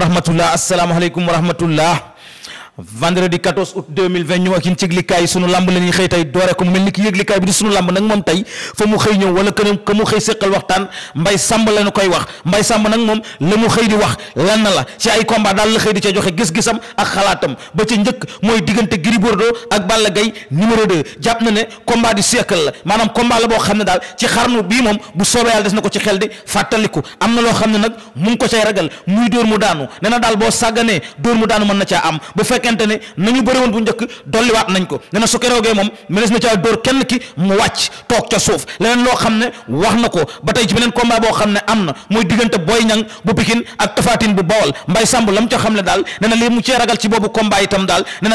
rahmatullah asalaamaaleykum wa rahmatullah vendredi 14 août 2020 ñëw ak yéen ci yëglikaay sunu lamb la ñuy xëy tey doore mel ni ki yëglikaay bi di sunu lamb nag moom tey fa mu xëy ñëw wala kenn mu xëy séqal waxtaan mbay sàmb la ñu koy wax mbay sàmb nag moom la mu xëy di wax lan na la ci ay combat daal la xëy di ca joxe gis-gisam ak xalaatam ba ca njëkk mooy diggante Gris ak Balla Gaye numéro 2 jàpp na ne combat du siècle la maanaam combat la boo xam ne daal ci xarnu bii moom bu soobee yàlla des na ko ci xel di fàttaliku na loo xam ne nag mu ko cay ragal muy dóor mu daanu nee na daal boo sàgganee dóor mu daanu xamante ne nañu bëri woon bu njëkk dolliwaat nañ ko nee na su keroogee moom mënees na caa dóor kenn ki mu wàcc toog ca suuf leneen loo xam ne wax na ko ba tey ci beneen combat boo xam ne am na muy ca ragal ci boobu combat itam daal nee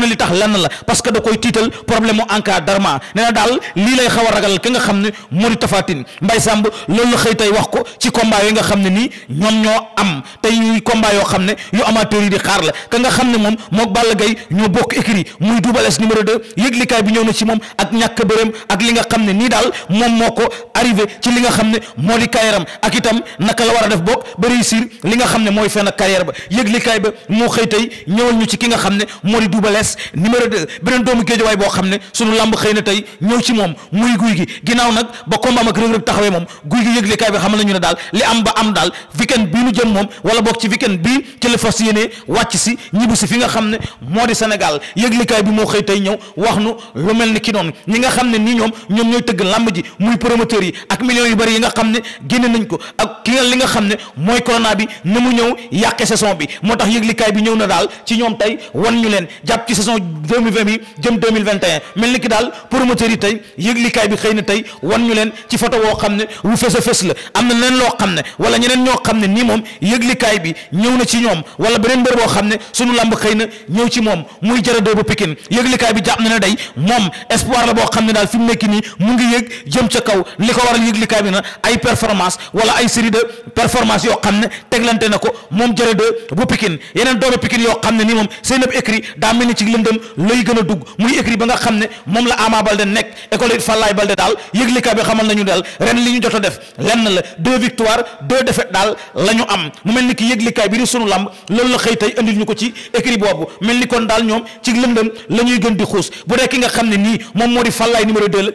la la parce que da koy tiital problème mu encadrement nee na daal lii lay xaw a ragalal ki xam ne moo di Tapha Tine Mbaye loolu la xëy tey wax ko ci combat yi nga xam ne nii ñoom ñoo am tey yuy combat yoo xam ne ñu amateur yi di xaar la ka nga xam ne moom moo Balla Gaye ñoo bokk écurie muy Double Less numéro 2 yëglikaay bi ñëw na ci moom ak ñàkk bërëm ak li nga xam ne nii daal moom moo ko arrivé ci li nga xam ne moo di carrière ak itam naka la war a def bokk ba réussir li nga xam ne mooy fenn carrière ba yëglikaay ba moo xëy tey ñëwal ñu ci ki nga xam ne moo di Double Less numéro 2 beneen doomu géejawaay boo xam ne sunu lamb xëy na tey ñëw ci moom muy guy gi ginnaaw nag ba combat ak taxawee moom guy gi yëglikaay bi xamal nañu ne daal li am ba am daal weekend bii nu jëm moom wala boog ci weekend bi ci la fas yéene wàcc si ñibbi si fi nga xam ne moo di Sénégal yëglikaay bi moo xëy tey ñëw wax nu lu mel ni ki noonu ñi nga xam ne nii ñoom ñoom ñooy tëgg làmb ji muy promoteurs yi ak millions yu bëri yi nga xam ne génne nañ ko ak ki nga li nga xam ne mooy corona bi na mu ñëw yàqe saison bi moo tax yëglikaay bi ñëw na daal ci ñoom tey wan ñu leen jàpp ci saison 2020 bi jëm 2021 mel ni ki daal promoteurs yi tey yëglikaay bi xëy na tey wan ñu leen ci photo woo xam ne wu fës a fës la am na leen loo xam ne wala ñeneen ñoo xam ne nii moom yëgli kaay bi ñëw na ci ñoom wala beneen mbër boo xam ne sunu lamb xëy na ñëw ci moom muy jaradoo bu Pikine yëgle bi jàpp na ne moom espoir la boo xam ne daal fi nekk nii mu ngi yëg jëm ca kaw li ko waral yëgle bi na ay performance wala ay série performance yoo xam ne teglante na ko moom jaradoo bu Pikine yeneen doomu Pikine yoo xam ne nii moom seen ab écrit daa mel ni ci lëndëm lay gën a dugg muy écrit ba nga xam ne moom la Ama Baldé a def lenn ni ki yëglikaay bi di sunu làmb loolu la xëy tey andil ñu ko ci écrit boobu mel ni kon daal ñoom ci lëndëm la ñuy gën di xuus bu dee ki nga xam ne nii moom moo di fàllaay numéro 2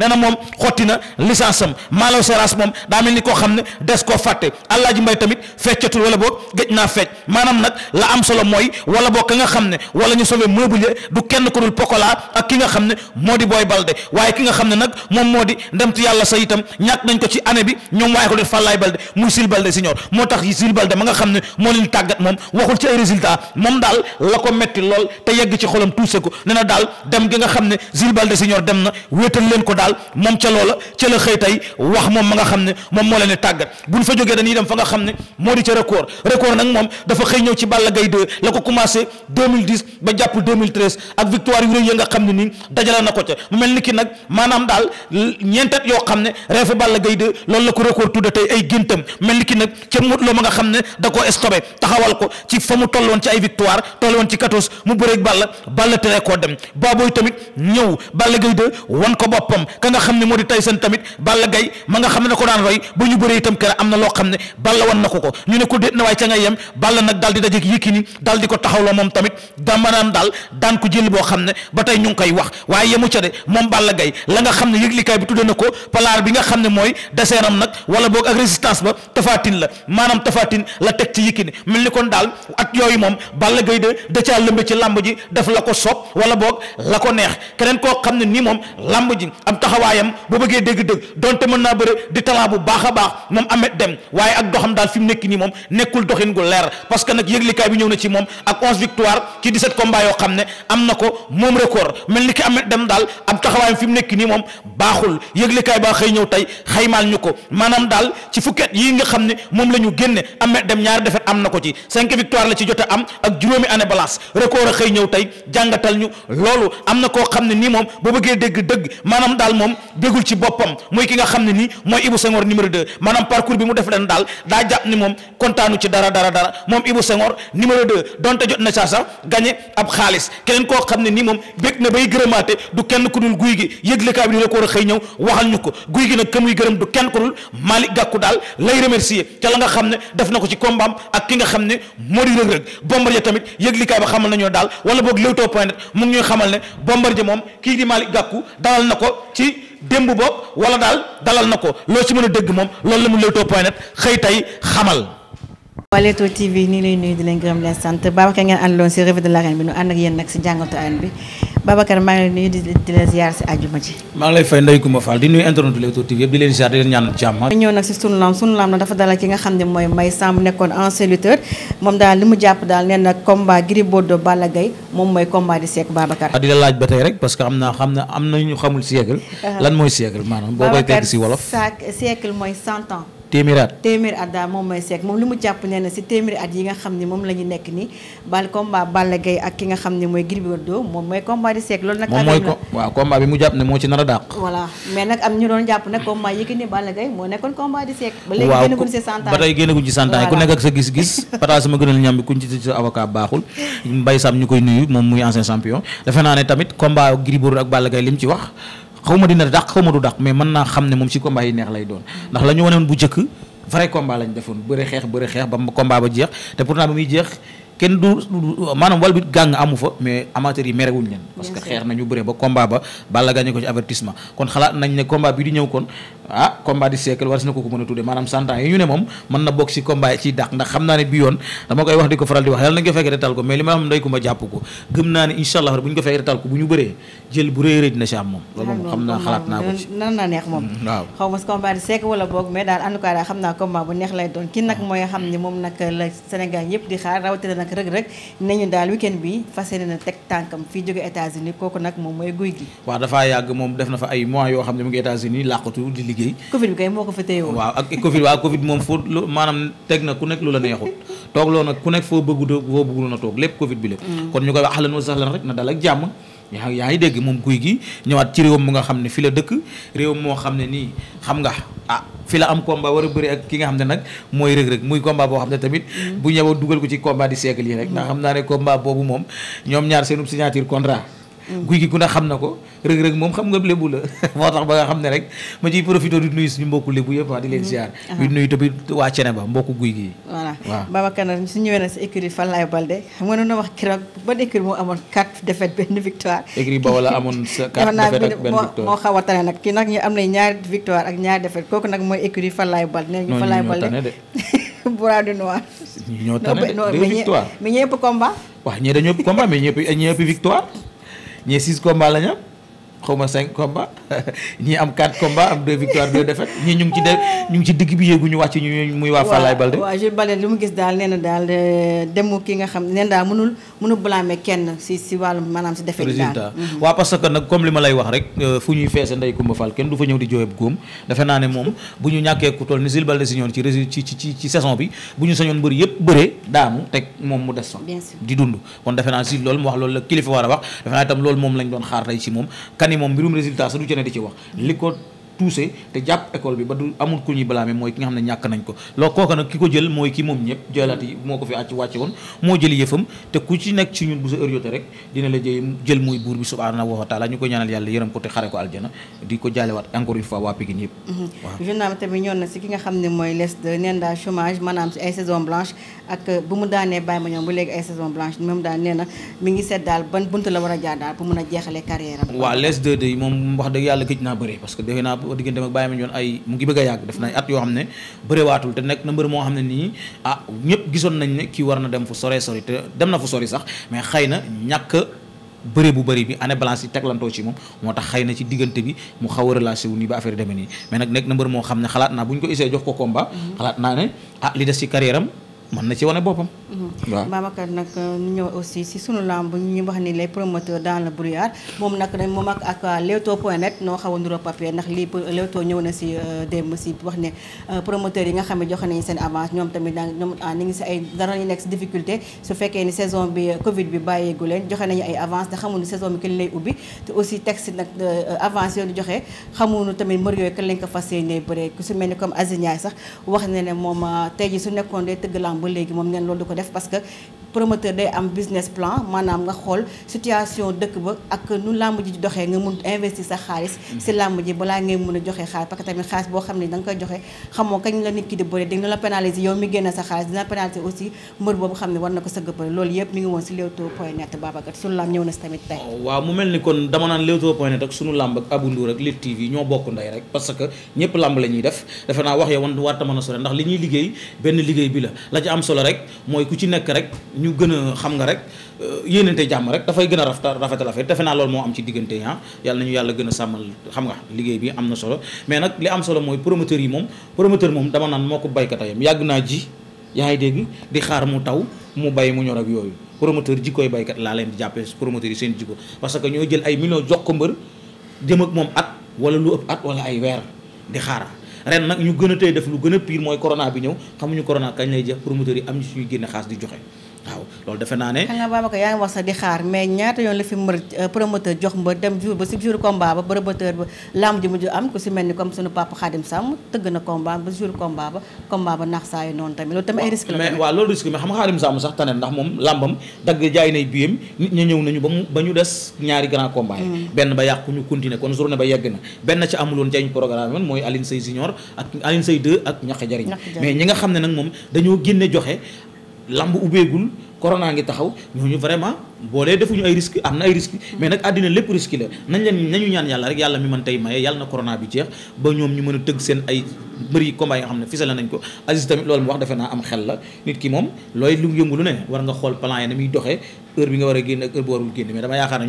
na moom xotti na licence am maalaw seras moom daa mel ni koo xam ne des koo fàtte Alaaji Mbay tamit feccatul wala boog géej naa fecc maanaam nag la am solo mooy wala boog ka nga xam ne wala ñu sauvé meuble du kenn ko dul pokola ki nga xam ne moo di booy balde waaye ki nga xam ne nag moom moo di ndemtu yàlla sa itam ñàkk nañ ko ci année bi ñoom waaye ko def fàllaay balde muy sil balde siñor moo tax Jules Baldé ma nga xam ne moo leen tàggat moom waxul ci ay résultat moom daal la ko metti lool te yegg ci xolam tuuse ko ne na daal dem gi nga xam ne Jules Baldé senior dem na wéetal leen ko daal moom ca loola ca la xëy tey wax moom ma nga xam ne moom moo leen di tàggat buñ fa jógee dañuy dem fa nga xam ne moo di ca record record nag moom dafa xëy ñëw ci Balla Gaye 2 la ko commencé ba jàpp ak victoire yu rëy ya nga xam ne nii dajale na ko ca ma nga xam ne da koo stoppé taxawal ko ci fa mu tolloon ci ay victoire tolloon ci 14 mu bëreeg Balla Balla tere koo dem Baboy tamit ñëw Balla Gaye ko boppam ka nga xam ne moo di Tyson tamit Balla Gaye ma nga xam ne ko daan roy ba ñu bëree itam kër am na loo xam ne Balla wan na ko ko ñu ne ko déet na waaye ca nga yem Balla nag daal di dajeeg Yékini daal di ko taxawloo moom tamit damanaam daal daan ko jël boo xam ne ba tey ñu ngi koy wax waaye yemu ca de moom Balla Gaye la nga xam ne yëglikaay bi tudde na ko palaar bi nga xam ne mooy deseeram nag wala boog ak résistance ba tafaatin la tafatin la teg ci Yékini mel ni kon daal at yooyu moom Balla Gaye de da caa lëmb ci làmb ji def la ko soob wala boog la ko neex keneen koo xam ne nii moom làmb ji am taxawaayam bu bëggee dégg-dégg donte mën naa bëre di talent bu baax a baax moom amet dem waaye ak doxam daal fi mu nekk nii moom nekkul doxin gu leer parce que nag yëglikaay bi ñëw na ci moom ak onze victoire ci 17 combats yoo xam ne am na ko moom record mel ni ki amet dem daal am taxawaayam mu nekk nii moom baaxul yëglikaay baa xëy ñëw tey xaymaal ñu ko maanaam daal ci fukket yi nga xam ne moom génne am dem ñaari defet am na ko ci cinq victoire la ci jot am ak juróomi année balance record a xëy ñëw tey jàngatal ñu loolu am na koo xam ne nii moom boo bëggee dégg dëgg maanaam daal moom bégul ci boppam muy ki nga xam ne nii mooy Ibou Senghor numéro 2 maanaam parcours bi mu def leen daal daa jàpp ni moom kontaanu ci dara dara dara moom Ibou Senghor numéro 2 donte jot na saa sax gagné ab xaalis keneen koo xam ne nii moom bég na bay gërëmaate du kenn ku guy gi yëglekaay bi di record a xëy ñëw waxal ko guy gi nag ka muy gërëm du kenn ku def na ko ci kombaam ak ki nga xam ne moo di rëg-rëg Bombardier tamit yëglikaay ba xamal nañoo daal wala boog Leewtoo point net mu ngi ñuy xamal ne Bombardier moom kii di Malick Gakou dalal na ko ci démb bopp wala daal dalal na ko loo ci mën a dëgg moom loolu la mu Leewtoo point net xëy tey xamal waa Leewtoo TV nii lay nuyu di leen gërëm leen sant Babacar ngeen àndaloon si revue de l'arène bi nu ànd ak yéen nag si jàngatu bi Babacar maa ngi lay nuyu di la ziar si àjjuma ji maa ngi lay fay Ndeye Coumba Fall di nuyu internet yëpp di leen ziar di leen ñaanal jàmm ñëw nag si sunu lam sunu dafa dalal ki nga xam ne mooy Mbaye Samb nekkoon ancien moom daal li mu jàpp daal nee na combat Gris Bordeaux moom mooy combat di siècle Babacar ah, di la laaj ba tey rek parce que am na xam na am nañu xamul siècle lan mooy siècle maanaam boo teg si wolof siècle téeméeri at téeméeri at daal moom mooy seek moom li mu jàpp nee si téeméeri yi nga xam ne moom la nekk nii bal combat Balla Gaye ak ki nga xam ne mooy Gris moom mooy combat di seek loolu nag moom mooy bi mu jàpp ne moo ci nar a dàq voilà mais nag am ñu doon jàpp nag combat Yékini Balla nekkoon combat di seek ba léegi génnaguñ si santaan ba tey génnaguñ si santaan ku nekk ak sa gis-gis pata sama gënal ñam bi kuñ ci sa avocat baaxul Mbaye Sam ñu koy xaw ma dina dàq xaw ma du dàq mais mën naa xam ne moom ci combat yi neex lay doon ndax la ñu wane woon bu jëkk vrai combat lañ defoon bëre xeex bari xeex ba combat ba jeex te pourtant ba muy jeex kenn du maanaam wal gàng amu fa mais amateurs yi merewuñ leen parce que xeex nañu bëre ba combat ba Balla gagné ko ci avertissement kon xalaat ah, a naa ko ci nan na neex moom mm, waaw xaw ma combat du siècle wala boog mais daal en daal xam naa combat bu neex lay doon ki nag mooy xam ne moom nag la Sénégal yëpp di xaar rawatina nag Reug Reug nañu daal weekend bi fas yéene na teg tànkam fii jóge états kooku nag moom mooy guy gi waaw dafaa yàgg moom def na fa ay mois yoo xam ne mu ngi États-Unis di liggéey Covid bi kay moo ko fa téye woon waaw ak Covid waaw Covid moom foo maanaam teg na ku nekk lu la neexul toog loo nag ku nekk foo bëggu toog lépp Covid bi lépp mm. kon ñu koy wax ahlan wa sahlan rek na dal ak jàmm yaa yaa ngi dégg moom guy gi ñëwaat ci réewam mu nga xam ne fi la dëkk réewam moo xam ne nii xam nga ah fi la am combat war a bëri ak ki nga xam ne nag mooy rëg-rëg muy komba boo xam ne tamit mm-hmm. bu ñëwoo dugal ko ci combat di siècle yi rek ndax xam naa ne komba boobu moom ñoom ñaar seenub signature contrat guy gi ku ne xam na ko rëg-rëg moom xam nga lébu la moo tax ba nga xam ne rek ma ciy profité di nuyu suñu mbokku lébu yëpp ah, di leen mm-hmm. ziar ah. di nuyu tamit waa cene ba mbokku guy gi voilà waaw Babacar su ñëwee na si écurie Falaye Baldé mënoon na wax keroog ban écurie moo amoon 4 défaites benn victoire écurie ba wala amoon 4 défaites ak benn victoire moo xaw a tane nag kii nag ñu victoire ak ñaari défaites nag mooy écurie Falaye Baldé nee ñu Falaye Baldé bras de ñii six combats xaw ma cinq combats ñii am quatre combats am deux victoires deux défaites ñii ñu ngi ci de ñu ngi ci digg bi yéeguñu wàcc ñu muy waa Falaye Balde waaw Jules Balde li mu gis daal nee na daal eh, demu ki nga xam nee na daal mënul mënul blâmer kenn si si wàllum maanaam si défaite résultat mm-hmm. waaw parce que nag comme li ma lay wax rek euh, fu ñuy feese Ndeye Coumba Fall kenn du fa ñëw di jooyab góom defe naa ne moom bu ñu ñàkkee ku toll ni Jules Balde si ñoon ci ci ci ci saison bi bu ñu sañoon bëri yëpp bëree daanu teg di dund kon defe naa si loolu mu wax loolu kilifa war a wax defe naa itam loolu doon xaar si moom ni moom mbirum résultat sa du ci ne di ci wax li ko touché te jàpp école bi ba du amul ku ñuy blâmer mooy ki nga xam ne ñàkk nañ ko loo kooka nag ki ko jël mooy ki moom ñëpp jëlaat yi moo ko fi ma ñoom bu mhm. euh, léegi ay saison blanche moom daal nee na mi ngi seet daal ban bunt la war a jaar daal pour a jeexale carrière am waaw de moom wax dëgg yàlla gëj naa bëri parce que defe naa boo diggante ak bàyyi ma ñoon ay mu ngi bëgg a yàgg def na at yoo xam ne bëréwaatul te nekk na moo xam ne nii ah ñëpp gisoon nañ ne kii war na dem fu sore sori te dem na fu sori sax mais xay na ñàkk bëre bu bëri bi année balance yi teglantoo ci moom moo tax xay na ci diggante bi mu xaw a relâché wu nii ba affaire demee nii mais nag nekk na moo xam ne xalaat naa bu ñu ko essayé jox ko combat mm-hmm. xalaat naa ne ah li des ci carrière mën na ci wane boppam. Mhm. waaw Babacar nag euh, ñu ñëw aussi si sunu lamb ñu wax ni les promoteurs dans le brouillard moom nag dañ moom ak ak Leewtoo point net noo xaw a nuroo papier ndax lii Leewtoo ñëw na si euh, démb si wax ne euh, promoteurs yi nga xam ne joxe nañu seen avance ñoom tamit daa ñoom ah, ngi si ay dara ñu nekk si difficulté su fekkee ni saison bi Covid bi bàyyeegu leen joxe nañu ay avance te xamuñu saison bi kañ lay ubbi te aussi texte nag avance yooyu joxe xamuñu tamit mbër yooyu kañ lañ ko fas ku si mel ni comme Aziz sax wax na ne moom tey ji su nekkoon day tëgg lamb ba léegi moom neen loolu du ko def parce que promoteur day am business plan maanaam nga xool situation dëkk ba ak nu làmb ji doxee nga mun investir sa xaalis mm-hmm. si làmb ji balaa ngay mun a joxe xaalis parce que tamit xaalis boo xam ne danga koy joxe xamoo kañ la nit ki di bëri dina la pénaliser yow mi génn sa xaalis dina pénaliser aussi mbër boobu xam ne war na ko sëgg bëri loolu yëpp mi ngi woon si Leewtoo point net Babacar sunu làmb ñëw na si tamit tey oh, waaw mu mel ni kon dama naan Leewtoo point net que ñëpp làmb la ñuy def defe naa wax yow wan war ta li ñuy liggéey benn liggéey bi la la ci am solo rek mooy ku ci nekk rek ñu gën a xam nga rek euh, yéenante jàmm rek dafay gën a la affaire defe naa lool moo am ci diggante ah yàlla nañu yàlla gën a sàmmal xam nga liggéey bi am na solo mais nag li am solo mooy promoteur yi moom promoteur moom dama naan moo ko baykatayam yàgg naa ji yaa ngi dégg di xaar mu taw mu bay mu ñor ak yooyu promoteur jikkooy baykat laa leen di jàppee promoteur yi seen jikko parce que ñoo jël ay millions jox ko mbër jëm moom at wala lu ëpp at wala ay weer di xaar ren nag ñu gën a def lu gën a pire mooy corona bi ñëw xamuñu corona kañ lay am ñi suñuy génne xaas di joxe waaw loolu defe naa ne. xam nga Babacar yaa ngi wax sax di xaar mais ñaata yoon la fi mbër euh, promoteur jox mbër dem jour ba si jour combat ba promoteur ba lamb ji mel comme sunu papa Khadim Samb tëgg na combat ba jour combat ba combat nax saa yi noonu tamit loolu tamit ay risque la. mais waaw loolu risque mais xam nga Khadim sax tane ndax moom lambam dagg jaay nay biyam nit ña ñëw nañu ba mu ba ñu des ñaari grand combat mm. benn ba yàqu ñu continuer kon journée ba yegg na benn ci amuloon jañ programme man mooy Aline say Junior ak Aline Seye 2 ak ñaxe jariñ ñi nga xam ne nag moom dañoo génne joxe lamb ubbeegul corona ngi taxaw ñooñu vraiment boolee defuñu ay risque am na ay risque mm. mais nag àddina lépp risque la nañ leen nañu ñaan yàlla rek yàlla mi mën tey maye yàlla na corona bi jeex moom looy lu yëngu a génn ak heure bu warul génn mais dama yaakaar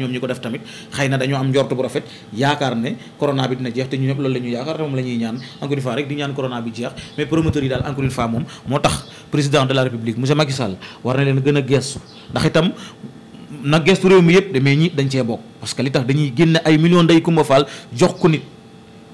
ne promoteur yi daal encore une moom moo tax président de la république monsieur Macky Sall war na leen gën a gestu ndax itam na gestu réew mi yëpp demee ñi dañ cee bokk parce que li tax dañuy génne ay millions day Kumba jox ko nit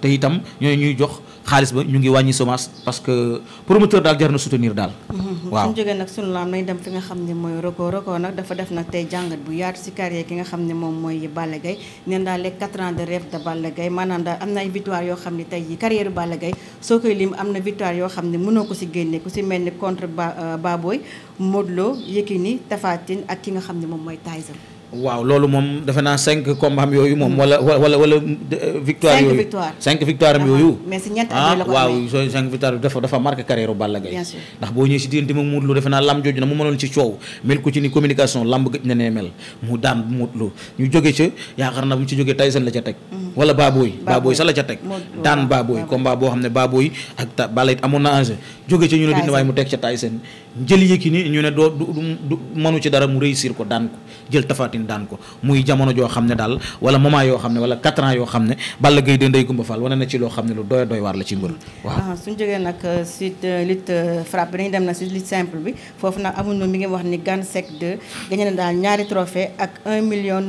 te itam ñooy ñuy jox xaalis ba ñu ngi wàññi semence parce que promoteur daal jar na soutenir daal mm-hmm. Mhm. waaw suñu jógee nag sunu laam nañ dem fi nga xam ne mooy record record nag dafa def nag tey jàngat bu yaatu si carrière ki nga xam ne moom mooy Balla Gaye nen daal les 4 ans de rêve de Balla Gaye maanaam daal am na ay victoire yoo xam ni tey jii carrière Balla Gaye soo koy lim am na victoire yoo xam ne mënoo ko si génne ku si mel ni contre euh, Baboy Modou Lo Yékini Tapha Tine ak ki nga xam ne moom mooy Tyson waaw loolu moom defe naa cinq combats am yooyu moom. wala wala wala euh, victoire yooyu. cinq victoire am yooyu. mais si ñetti at la ko ah, waaw cinq victoire dafa dafa marqué carrière Balla Gaye ndax boo ñëwee si diggante mu Modou Lo defe naa lamb jooju na mu mënoon ko ni communication lamb ne mel mu daan Modou Lo ñu jóge ca yaakaar na bu ñu ci jógee Tyson la ca teg. Mm-hmm. wala baabooy Baboy sa la ca teg. daan Baboy combat boo xam ne Baboy ak ta Balla it amoon na enjeu. jóge ca ñu ne dina waaye mu teg ca Tyson jël Yékini ñu ne doo du mënu ci dara mu réussir ko daan ko jël tafaatin Lamine daan ko muy jamono joo xam ne daal wala moment yoo xam ne wala 4 ans yoo xam ne Balla Gaye de Ndeye Coumba Fall wane na ci loo xam ne lu doy doy la ci mbër waaw ah, suñu jógee nag euh, si euh, lutte euh, frappe bi dañu dem nag si lutte simple bi foofu nag amuñu mi ngi wax ni Gane Seck 2 gañe na daal ñaari trophée ak million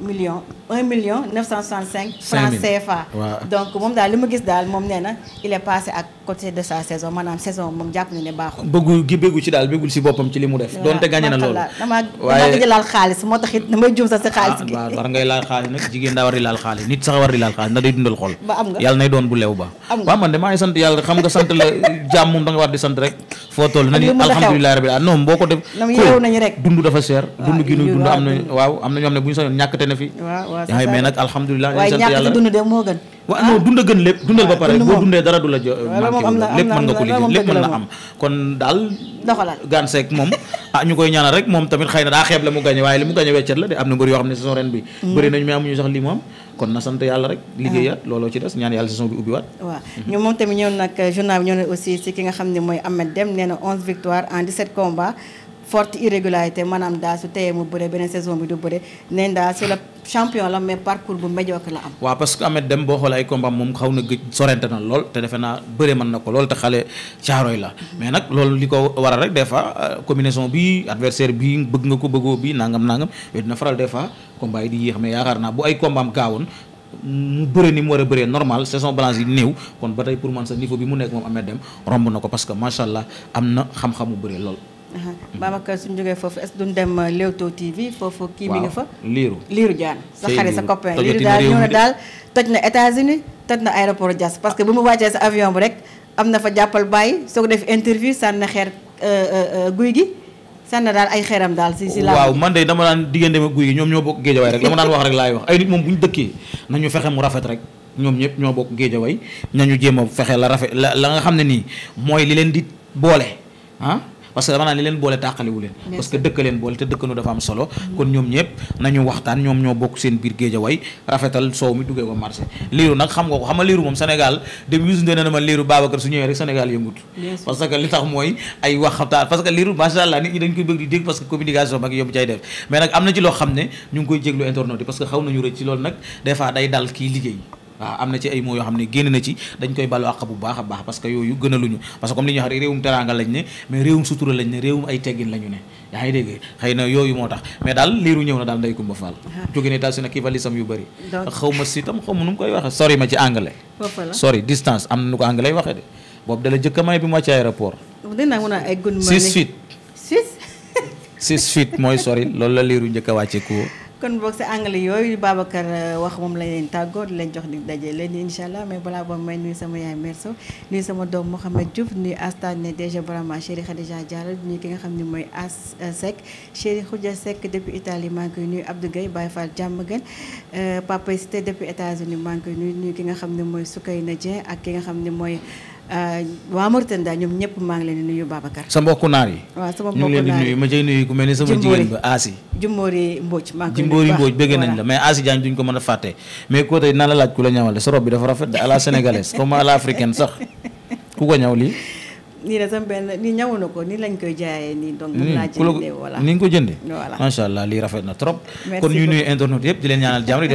million 1 million donc moom daal li ma gis daal moom nee il est passé à de sa saison maanaam saison moom jàpp na ne baaxul bëggu damaa damaa gëj a laal xaalis moo tax it damay juum sax si ah, xaalis gi war ngay laal xaalis nag jigéen daa war di laal xaalis nit sax war di laal xaalis ndax day dundal xol yàlla nay doon bu leew ba waaw man de maa ngi sant yàlla xam nga sant la jàmm moom da nga di sant rek foo toll na ni alhamdulilah rabbil alamin non boo ko def yeewu nañu rek dund dafa seer dund gi nuy dund am na waaw am na ñoo xam ne bu ñu sañoon ñàkkte na fi waaw mais nag alhamdulilah sant yàlla waaye waaw non dund gën lépp dundal ba pare boo dundee dara du la jo am kon daal Gane Seck moom ah ñu koy ñaanal rek moom tamit xëy na daa xeeb la mu gañe waaye li mu gañe weccet la de am na mbër yoo xam ne saison ren bi mm. bëri nañu mais amuñu sax lii moom kon na yàlla rek ah. liggéeyaat looloo ci des ñaan yàlla saison ubbi waat mm-hmm. moom tamit ñëw nag journal bi ñëw na aussi si ki nga xam ne mooy Ahmed Deme nee na 11 en 17 combats forte irrégularité maanaam daa su teyee mu bëre beneen saison bi du bëre neen daa su la champion la mais parcours bu médiocre la am. waaw parce que Ameth dem boo xool ay combat moom xaw na gëj sorente te defe naa bëre mën na ko lool te xale caaroy la mais nag loolu li ko waral rek des fois euh, bi adversaire bi bëgg nga ko bëggoo bi nangam nangam yooyu dina faral des fois combat yi di yéex mais yaakaar naa bu ay combat am gaawoon. mu bëre ni mu war a bëree normal saison balance yi néew kon ba tey pour man sa niveau bi mu nekk moom Ameth Deme romb na ko parce que macha allah am na xam-xamu bëree lool. Babacar suñ jógee foofu est-ce duñ dem euh, Leewtoo TV foofu kii mi nga fa liiru liiru jaan sa xarit sa copain liiru daal ñëw na daal toj na États-Unis toj na aéroport Diass parce que bu mu wàccee sa avion bi rek am na fa jàppal bàyyi soo ko def interview sànna xeer euh, euh, guy gi sànna daal ay xeeram daal si si laa waaw man de dama daan diggante ma guy gi ñoom ñoo bokk géejawaay rek dama daan wax rek laay wax ay nit moom bu ñu dëkkee nañu fexe mu rafet rek ñoom ñëpp ñoo bokk géejawaay nañu jéem a fexe la rafet la la nga xam ne nii mooy li leen di boole ah. parce que dama naa li leen boole tàqaliwu leen parce que dëkk leen boole te dëkkandoo dafa am solo kon ñoom ñëpp nañu waxtaan ñoom ñoo bokk seen biir géej a way rafetal soow mi duggee ko marché liiru nag xam nga ko xam nga liiru moom nit ñi dañ koy bëgg di dégg parce que communication mag yomb cay def mais nag am na ci loo xam ne ñu ngi koy jéglu internet yi parce que xaw nañu rëcc ci loolu nag des day dal kii liggéey waaw am na ci ay mots yoo xam ne génn na ci dañ koy balu àq bu baax a baax parce que yooyu gënaluñu parce que comme li ñuy wax rek réewum teraanga lañ ne mais réewum sutura lañ ne réewum ay teggin lañu ne yaa ngi dégg xëy yooyu moo tax mais daal liiru ñëw na daal Ndeye Coumba Fall ah. jóge ne daal su nekk valisam yu bëri xaw ma si tam xaw ma nu mu koy waxe sori ma ci anglais sori distance am nu ko anglais waxe de boobu dala jëkk a may bi ma mooy sori loolu la liiru njëkk a wàcce ko kon boog sa anglais yooyu Babacar euh, wax moom lañ leen tàggoo jox di daje leen incha allah mais balaa boobu may nuyu sama yaay Merso nuyu sama doom moo Diouf nuyu Astane ne déjà vraiment chéri Khadija Diallo nuyu ki nga xam ni mooy As euh, Seck chéri Khoudia Seck depuis Italie maa ngi koy nuyu Abdou Gueye Baye Fall jàmm gën euh, Papa Cité depuis États-Unis maa ngi koy nuyu nuyu ki nga xam ne mooy Soukayna Dieng ak ki nga xam ni mooy. Euh, waa Mauritania ñoom ñëpp maa ngi leen di nuyu Babacar. sa mbokk naar yi. waaw sama mbokku naar yi ñu ngi leen di nuyu ma cay nuyu ku mel ni sama jigéen ba Asi. Jumboori Mbodj maa ngi koy nuyu Jumboori Mbodj bëgg nañ la mais Asi Diagne duñ ko mën a fàtte. mais koo tey naa la laaj ku la ñawale sa robe dafa rafet à la sénégalaise comme à la sax ku ko ñaw lii. nii de sama benn nii ñawoon ko nii lañ koy jaayee nii. donc moom jëndee voilà ni nga ko jëndee. voilà macha allah lii rafet na trop. kon ñu nuyu internet yëpp di leen ñaanal jàmm rek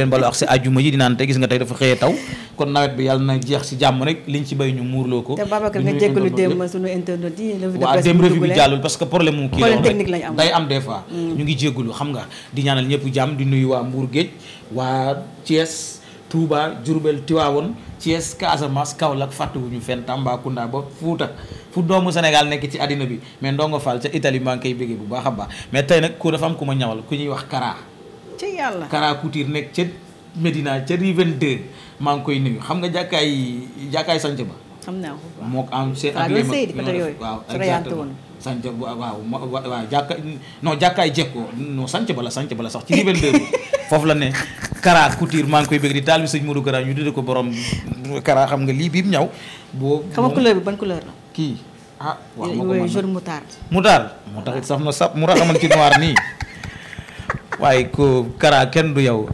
di leen jàmm rek liñ ci béy ñu muurloo ko. te Babacar nga jégalu démb sunu internet yi. waaw démb revue bi jàllul parce que problème mu kii la woon am des mm. ñu ngi jégalu xam nga di ñaanal ñëpp jàmm di nuyu waa Mbour Géej waa Thiès Touba Diourbel Tivaouane Thiès Casamance Kaolack fàttewuñu fenn Tambacounda ba Fuuta fu doomu Sénégal nekk ci àddina bi mais Ndongo Fall ca Italie maa ngi koy bëggee bu baax a baax mais tey nag ku dafa am ku ma ñawal ku ñuy wax Kara ci yàlla Kara Couture nekk ca Medina ca Rive 22 maa ngi koy nuyu xam nga jàkkaay jàkkaay sanc ba xam naa ko mook am seet ak léegi sëy di côté yooyu waaw exactement woon sànc waaw waaw jàkka non jàkkaay jekkoo non sànc bala sànc bala sax ci niveau deux foofu la ne kara couture maa ngi koy bëgg di taal bi sëñ Modou Kara ñu tuddee ko borom kara xam nga lii biim ñaw boo xam nga couleur bi ban couleur la kii ah waaw ma ko mën jaune moutarde moutarde moo tax it saf na sap mu raxaman ci noir nii waaye ko kara kenn du yow